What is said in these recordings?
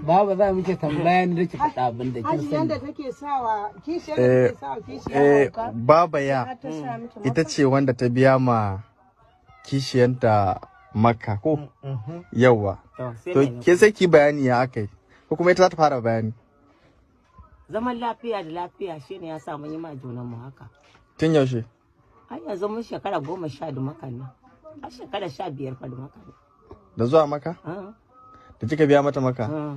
Baba za muke tambaya ni ke faɗa abin da kin sani. Hajiyan yanda take sawa kishiyar da take sawa eh, kishiyar eh, Baba ya ita ce wanda ta biya ma kishiyanta Makka ko? Mm, mhm. yawa. To ke sai ki bayani ya akai. Ko kuma ita za ta fara bayani. Zaman lafiya da lafiya shine ya sa mun yi ma junan mu haka. Tun yaushe? Ai yanzu mun shekara goma sha da makan nan. A shekara sha biyar fa da makan. Da zuwa maka? Ah. da kika biya mata maka ah.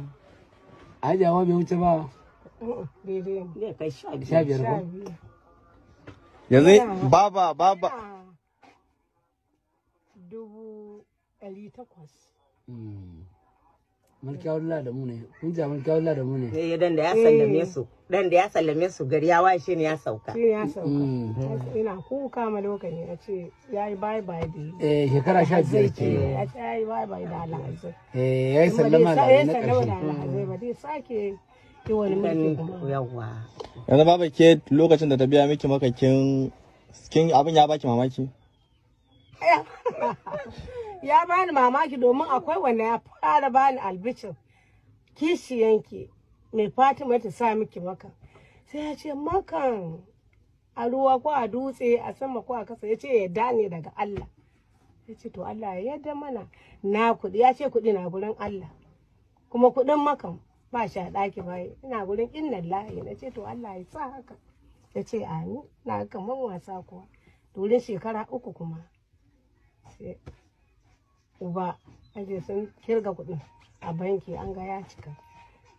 a jawa bai wuce ba sha biyar ba yanzu baba baba dubu ɗari takwas hmm. mulkiyawar da mu ne hujja mulkiyawar da mu ne eh dan da ya sallame su dan da ya sallame su gari ya waye ne ya sauka shi ya sauka mm. ina kuka ma lokaci a ce yayi bye bye da eh shekara 15 ke. a ce yayi bye bye da Allah azza eh yayi sallama da na azza ba dai sake ki wani mulki yawa yanzu baba ke lokacin da ta biya miki makakin kin abin ya baki mamaki ya bani mamaki domin akwai wanda ya fara bani albicin kishiyanki mai fatima ta sa miki maka sai ya ce makan a ruwa ko a dutse a sama ko a kasa ya ce yadda eh, ne daga Allah ya ce to Allah ya yadda mana na kuɗi ya ce kuɗi na gurin Allah kuma kuɗin makan ba shi a ɗaki ba ina gurin inna lahi na ce to Allah ya sa haka ya ce amin na kaman wasa kuwa durin shekara uku kuma uba aje sun kirga kuɗin a banki an ga ya cika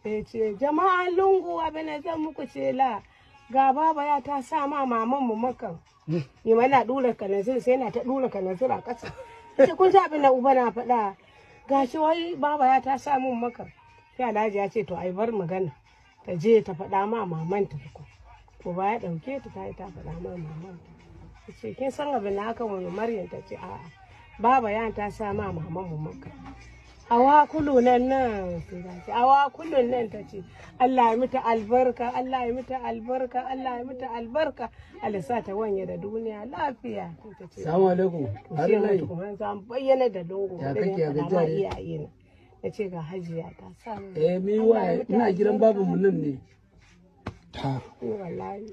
sai ce jama'an lungu abin zan muku ce la ga baba ya ta sa ma maman mu makan ni ma na dura kanazir sai na ta dura kanazir a kasa ce kun ji abin da uba na faɗa gashi wai baba ya ta sa mun makan sai alhaji ya ce to ai bar magana ta je ta faɗa ma maman ta ko uba ya ɗauke ta ta yi ta faɗa ma maman ta ce kin san abin da haka wani maryam ta ce a'a baba yan ta sa ma mamanmu maka awa kulu nan nan awa kulun nan ta ce Allah ya mita albarka Allah ya mita albarka Allah ya mita albarka Allah sa ta wanye da duniya lafiya assalamu alaikum har lai kuma san bayyana da lungu da kake ga jari iyaye na nace ga hajiya ta sa eh mi waye ina gidan babu mun nan ne ta wallahi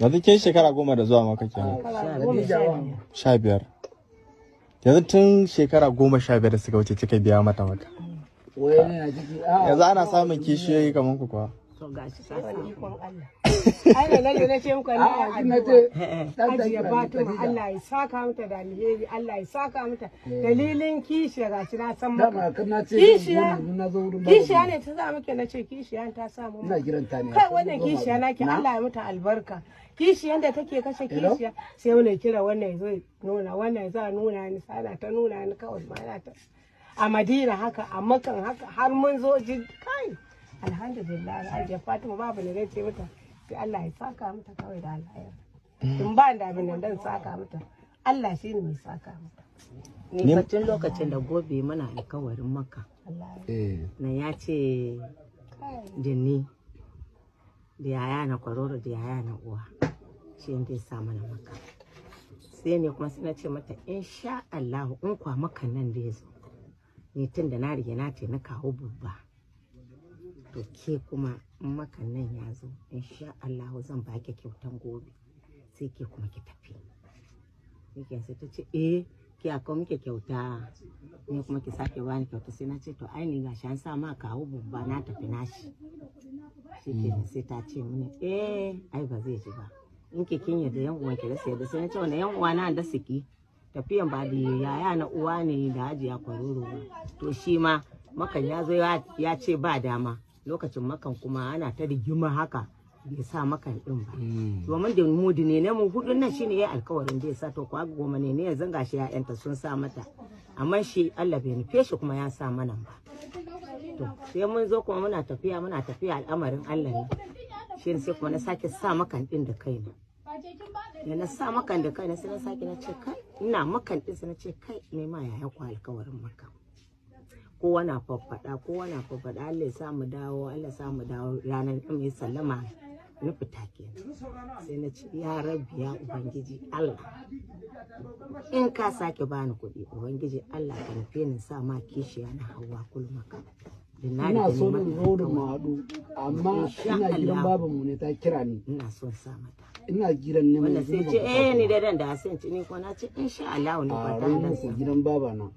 yanzu ke shekara goma da zuwa maka kenan sha biyar yanzu tun shekara goma sha biyar da suka wuce kika biya mata wata yanzu ana samun kishiyoyi kamar ku kuwa ai lalle na ce muku ne a nace dan da ya Allah ya saka mata da alheri Allah ya saka mata eh. dalilin kishiya gashi na san maka kishiya kishiya ne ta sa muke ce kishiya ta sa mu ina kiran ne kai wannan kishiya naki Allah ya mata albarka kishiyan da take kashe kishiya sai wani kira wannan zai nuna wannan za nuna ni sana ta nuna ni kawai ma ta a madina haka a makan haka har mun zo kai alhamdulillah alhaji fatima babu ne zai ce mata sai Allah ya saka mata kawai da alhayar in mm. ba da abin nan dan saka mata Allah shi ne mai saka mata ni tun lokacin da gobe muna alkawarin maka eh. na ya ce da ni da yaya na kwaroro da yaya na uwa shi inda ya sa mana maka sai ne kuma suna ce mata in sha Allah in kwa maka nan da ya zo ni tun da na riga na ce na kawo bubba to ke kuma makannan nan ya zo insha Allah zan baki kyautan gobe sai ke kuma ki tafi yake sai ta ce eh ki aka muke kyauta Ni kuma ki sake bani kyauta sai na ce to ai ni ga an sa ma kawo babba na tafi nashi shi ke sai ta ce mini eh ai ba zai ji ba in ke kin da yan uwan ki da sai da sai na ce wannan yan uwa na da siki tafiyan ba da yaya na uwa ne da hajiya kwaroro to shi ma makan ya zo ya ce ba dama lokacin makan kuma ana ta rigima haka bai sa makan din ba domin mm. da mudi ne ne mu hudun nan shine yayi alkawarin ya sa to kwa goma ne ne yanzu gashi ya'yanta sun sa mata amma shi Allah bai nufe shi kuma ya sa mana ba to sai mun zo kuma muna tafiya muna tafiya al'amarin Allah ne shi sai kuma na sake sa makan din da kaina da na sa makan da kaina sai na sake na ce kai ina makan din sai na ce kai ne ma yaya kwa alkawarin makan kowa na faffaɗa kowa na faffaɗa Allah ya sa mu dawo Allah ya sa mu dawo ranar da mai sallama na fita kenan sai na ci ya rabbi ya ubangiji Allah in ka sake bani kuɗi ubangiji Allah ka rufe ni sa ma kishiya na hawa ka ina so na zo da mu haɗu amma ina gidan mu ne ta kira ni ina so sa mata ina gidan ne mai sai ce eh ni da dan da sai ce ni ko na ce insha Allah ne ba dan nan ko gidan baba na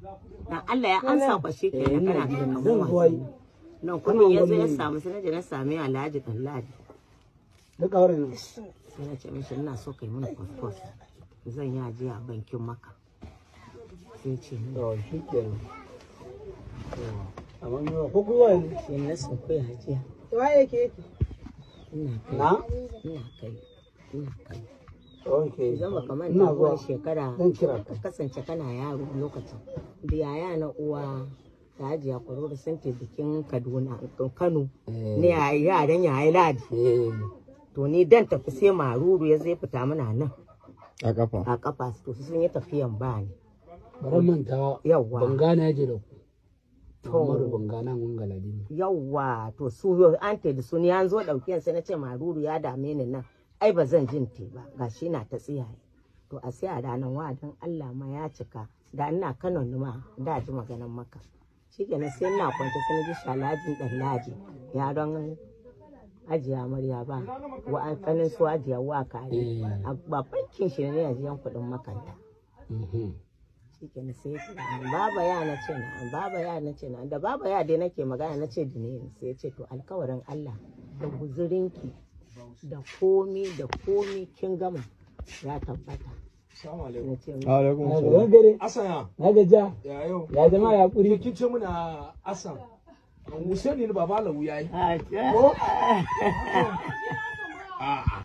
Allah ya ansa ko shi ke eh, kana zan goyi nan kuma yanzu ya samu sai na sami Alhaji Kallaji da kawar ne sai na ce mishi ina so kai mun passport zan yi ajiya a bankin maka sai ce ni to shi amma ni ko kuwa ne na so kai ajiya waye ke na kai Okay. Zama kamar ta shekara ka kasance kana yaro lokacin. Da yaya na uwa ta hajiya kwaroro sun ke bikin Kaduna Kano eh. ne a yaran yayi ladi. Eh. To ni dan tafi sai maruru ya zai fita mana nan. A kafa. A kafa to sun yi tafiyan ba ne. Bari manta yawa. Bangana ya je da ku. Umaru Bangana mun galadi. Yawa to su an te da su ni an zo dauke sai na ce maruru ya dame ni nan. ai ba zan jin te ba gashi na ta tsiyaye to a sai a ranar wa'adin Allah ma ya cika da ina Kano ma da ji maganan maka shi kenan sai ina kwance sai na ji shalajin dan laji yaron ajiya amarya ba wa an sanin su ajiya wa kare eh. a babban kinshi ne ajiyan kuɗin makanta mhm. shi kenan sai baba ya na ce na baba ya na ce na da baba ya dai nake magana na ce dine sai ya ce to alkawarin Allah da guzurinki da komi da komi kin gama ya tabbata Asana. Na gaja. Ya yau. Ya ya kuri. Kin ce muna asan. Musa ne baba lawu yayi. A'a.